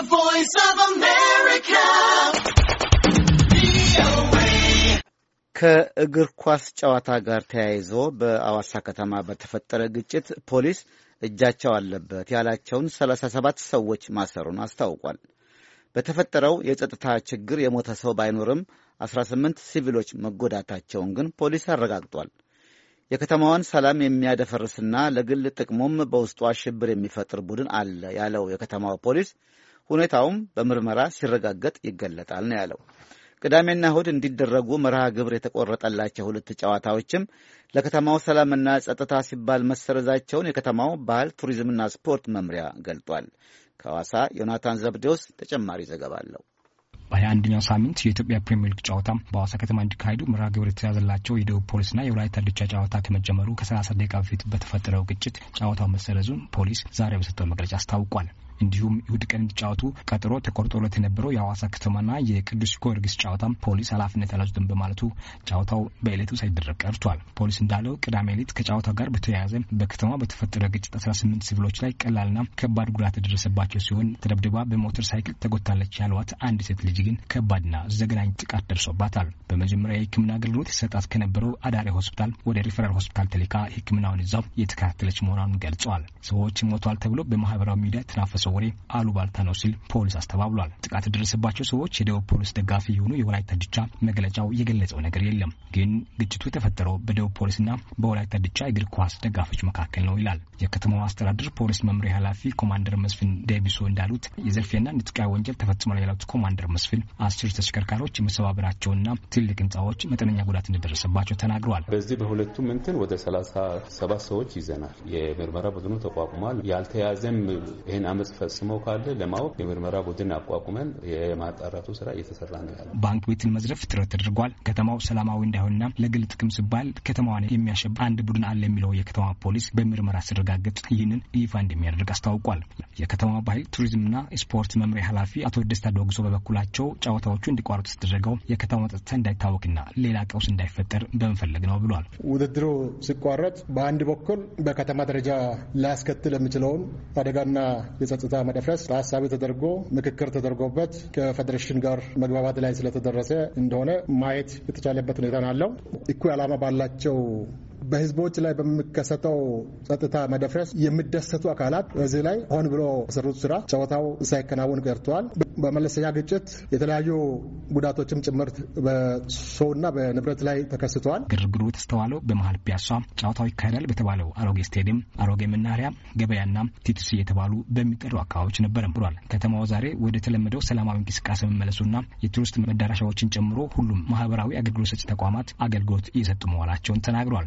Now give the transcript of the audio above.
The Voice of America. ከእግር ኳስ ጨዋታ ጋር ተያይዞ በአዋሳ ከተማ በተፈጠረ ግጭት ፖሊስ እጃቸው አለበት ያላቸውን 37 ሰዎች ማሰሩን አስታውቋል። በተፈጠረው የጸጥታ ችግር የሞተ ሰው ባይኖርም 18 ሲቪሎች መጎዳታቸውን ግን ፖሊስ አረጋግጧል። የከተማዋን ሰላም የሚያደፈርስና ለግል ጥቅሙም በውስጧ ሽብር የሚፈጥር ቡድን አለ ያለው የከተማው ፖሊስ ሁኔታውም በምርመራ ሲረጋገጥ ይገለጣል ነው ያለው። ቅዳሜና እሁድ እንዲደረጉ መርሃ ግብር የተቆረጠላቸው ሁለት ጨዋታዎችም ለከተማው ሰላምና ጸጥታ ሲባል መሰረዛቸውን የከተማው ባህል ቱሪዝምና ስፖርት መምሪያ ገልጧል። ከሐዋሳ ዮናታን ዘብዴዎስ ተጨማሪ ዘገባ አለው። ሳምንት የኢትዮጵያ ፕሪሚየር ሊግ ጨዋታ በሐዋሳ ከተማ እንዲካሄዱ መርሃ ግብር የተያዘላቸው የደቡብ ፖሊስና የወላይታ ድቻ ጨዋታ ከመጀመሩ ከ30 ደቂቃ በፊት በተፈጠረው ግጭት ጨዋታው መሰረዙን ፖሊስ ዛሬ በሰጠው መግለጫ አስታውቋል። እንዲሁም ይሁድ ቀን እንዲጫወቱ ቀጠሮ ተቆርጦለት የነበረው የአዋሳ ከተማና የቅዱስ ጊዮርጊስ ጨዋታ ፖሊስ ኃላፊነት አልወሰደም በማለቱ ጨዋታው በዕለቱ ሳይደረግ ቀርቷል። ፖሊስ እንዳለው ቅዳሜ ዕለት ከጨዋታው ጋር በተያያዘ በከተማ በተፈጠረ ግጭት 18 ሲቪሎች ላይ ቀላልና ከባድ ጉዳት የደረሰባቸው ሲሆን ተደብድባ በሞተር ሳይክል ተጎታለች ያሏት አንድ ሴት ልጅ ግን ከባድና ዘግናኝ ጥቃት ደርሶባታል። በመጀመሪያ የሕክምና አገልግሎት ይሰጣት ከነበረው አዳሪ ሆስፒታል ወደ ሪፈራል ሆስፒታል ተልካ ሕክምናውን እዛው የተከታተለች መሆኗን ገልጸዋል። ሰዎች ሞቷል ተብሎ በማህበራዊ ሚዲያ ተናፈሰ የተሰራጨው ወሬ አሉባልታ ነው ሲል ፖሊስ አስተባብሏል። ጥቃት የደረሰባቸው ሰዎች የደቡብ ፖሊስ ደጋፊ የሆኑ የወላይታ ድቻ መግለጫው የገለጸው ነገር የለም። ግን ግጭቱ የተፈጠረው በደቡብ ፖሊስና በወላይታ ድቻ እግር ኳስ ደጋፊዎች መካከል ነው ይላል። የከተማው አስተዳደር ፖሊስ መምሪያ ኃላፊ ኮማንደር መስፍን ደቢሶ እንዳሉት የዘርፌና ንጥቂያ ወንጀል ተፈጽሟል ያሉት ኮማንደር መስፍን አስር ተሽከርካሪዎች መሰባበራቸውና ትልቅ ህንፃዎች መጠነኛ ጉዳት እንደደረሰባቸው ተናግረዋል። በዚህ በሁለቱም እንትን ወደ ሰላሳ ሰባት ሰዎች ይዘናል። የምርመራ ቡድኑ ተቋቁሟል። ያልተያዘም ይህን አመፅ ፈጽመው ካለ ለማወቅ የምርመራ ቡድን አቋቁመን የማጣራቱ ስራ እየተሰራ ነው ያለ። ባንክ ቤትን መዝረፍ ጥረት ተደርጓል። ከተማው ሰላማዊ እንዳይሆንና ለግል ጥቅም ሲባል ከተማዋን የሚያሸብር አንድ ቡድን አለ የሚለው የከተማ ፖሊስ በምርመራ ሲረጋገጥ ይህንን ይፋ እንደሚያደርግ አስታውቋል። የከተማ ባህል ቱሪዝምና ስፖርት መምሪያ ኃላፊ አቶ ደስታ ደግሶ በበኩላቸው ጨዋታዎቹ እንዲቋረጡ ተደረገው የከተማ ጸጥታ እንዳይታወቅና ሌላ ቀውስ እንዳይፈጠር በመፈለግ ነው ብሏል። ውድድሩ ሲቋረጥ በአንድ በኩል በከተማ ደረጃ ሊያስከትል የሚችለውን አደጋና የጸጥታ የገጽታ መደፍረስ በሀሳቢ ተደርጎ ምክክር ተደርጎበት ከፌዴሬሽን ጋር መግባባት ላይ ስለተደረሰ እንደሆነ ማየት የተቻለበት ሁኔታ ነው ያለው። እኩል ዓላማ ባላቸው በህዝቦች ላይ በሚከሰተው ጸጥታ መደፍረስ የሚደሰቱ አካላት በዚህ ላይ ሆን ብሎ ሰሩት ስራ ጨዋታው ሳይከናወን ቀርተዋል። በመለሰኛ ግጭት የተለያዩ ጉዳቶችም ጭምር በሰውና በንብረት ላይ ተከስተዋል። ግርግሩ የተስተዋለው በመሀል ፒያሳ፣ ጨዋታው ይካሄዳል በተባለው አሮጌ ስቴዲየም፣ አሮጌ መናኸሪያ፣ ገበያና ቲቲሲ የተባሉ በሚጠሩ አካባቢዎች ነበረም ብሏል። ከተማዋ ዛሬ ወደ ተለመደው ሰላማዊ እንቅስቃሴ መመለሱና የቱሪስት መዳረሻዎችን ጨምሮ ሁሉም ማህበራዊ አገልግሎት ሰጪ ተቋማት አገልግሎት እየሰጡ መዋላቸውን ተናግሯል።